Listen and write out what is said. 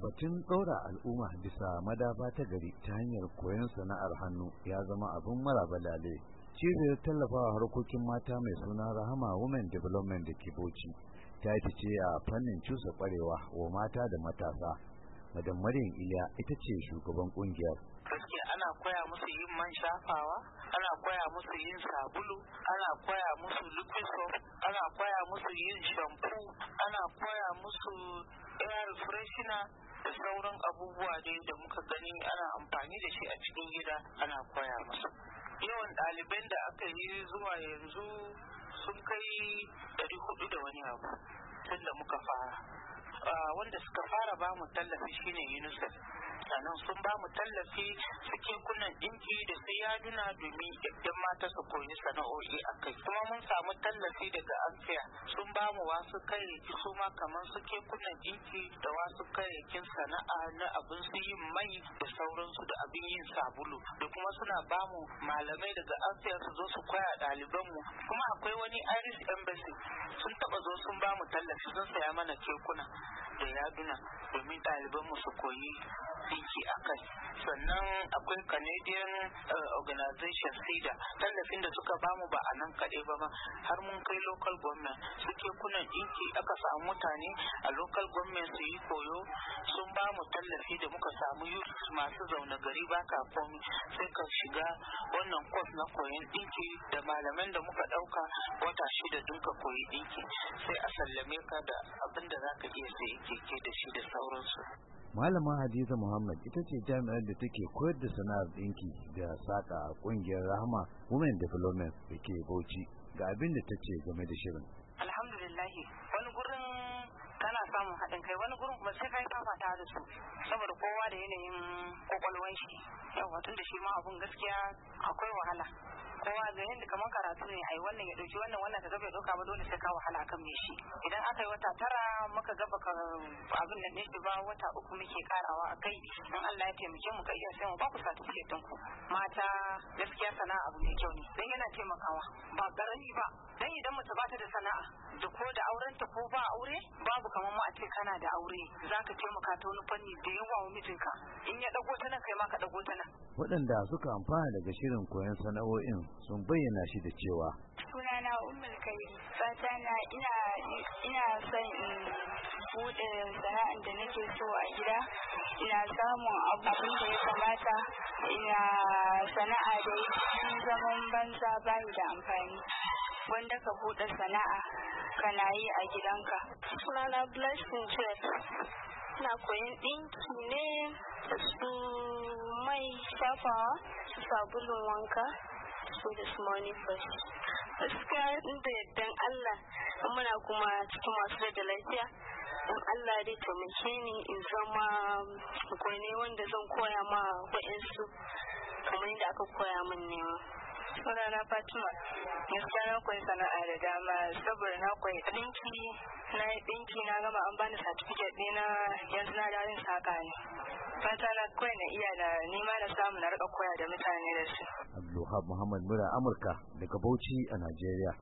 Batun ɗora al'umma bisa madafa ta gari ta hanyar koyon sana'ar hannu ya zama abin mara balale Cibiyar tallafawa harkokin mata mai suna Rahama Women Development da ke Bauchi ta fice a fannin cusa kwarewa wa mata da matasa. Madam Maryam Iliya ita ce shugaban ƙungiyar. Gaskiya ana koya musu yin man shafawa, ana koya musu yin sabulu, ana koya musu lukiso ana koya musu yin shampoo, ana koya musu air freshener, da sauran abubuwa ne da muka gani ana amfani da shi a cikin gida ana koya musu yawan ɗaliban da aka yi zuwa yanzu sun kai ɗari hudu da wani abu tun da muka fara ah, wanda suka fara ba mu tallafi shine unicef mutanen sun ba mu tallafi su kekunan ɗinki da sai yaduna domin yadda mata su koyi sana'o'i a kai kuma mun samu tallafi daga amfiya sun ba mu wasu kayayyaki su ma kamar su kekunan ɗinki da wasu kayayyakin sana'a na abin su yin mai da sauransu da abin yin sabulu da kuma suna ba mu malamai daga amfiya su zo su koya ɗalibanmu kuma akwai wani irish embassy sun taɓa zo sun ba mu tallafi sun saya mana kekuna da yaduna domin ɗalibanmu su koyi aiki a kai sannan akwai canadian eh, organization sida tallafin da suka bamu ba a nan kaɗai ba har mun kai local government suke kunan ɗinki aka samu mutane a local government su yi koyo sun bamu tallafi da muka samu youth masu zaune gari ba ka komi sai ka shiga wannan course na koyon ɗinki da malaman da muka ɗauka wata shida dun koyi ɗinki sai a sallame ka da abin da za keke da shi da sauransu malama hadiza muhammad ita ce jami'ar da take koyar da sana'ar ɗinki da saƙa a ƙungiyar rahama women development da ke bauchi ga abin da ta ce game da shirin alhamdulillah wani gurin kana samun haɗin kai wani gurin kuma sai kai fafata da su saboda kowa da yanayin kwakwalwan shi yawa tun da shi ma abun gaskiya akwai wahala kowa da yadda kamar karatu ne ai wannan ya dauki wannan wannan ta bai dauka ba dole sai ka wahala kan me shi idan aka yi wata tara muka ga baka abin da ne ba wata uku muke karawa akai in Allah ya taimake mu ka iya sai mu ba ku certificate ku mata gaskiya sana'a abu ne kyau ne dan yana taimakawa ba garani ba don idan mace ba ta da sana'a da ko da aurenta ko ba aure babu kamar mu a ce kana da aure za ka taimaka ta wani fanni da yawa wa mijinka in ya dago ta nan kai ma ka dago ta nan. waɗanda suka amfana daga shirin koyon sana'o'in sun bayyana shi da cewa. sunana ummul kai fata na ina ina son in buɗe sana'an da nake so a gida ina samun abin da ya kamata ina sana'a da yi zaman banza bayi da amfani wanda ka buɗe sana'a kana yi a gidanka sunana blessing jet na koyan ɗinki ne su mai shafawa su sabulun wanka su da su manifest gaskiya da yardan allah muna kuma cikin masu da lafiya in Allah dai taimake ni in zama ne wanda zan koya ma waɗansu kamar yadda aka koya min ne na Fatima gaskiya na koyi sana'a da dama saboda na koyi ɗinki na yi ɗinki na gama an bani certificate ɗina yanzu na dawo yin saƙa ne fata na koyi na iya da nima da samu na rika koya da mutane da su Abdulhab Muhammad Mura Amurka daga Bauchi a Najeriya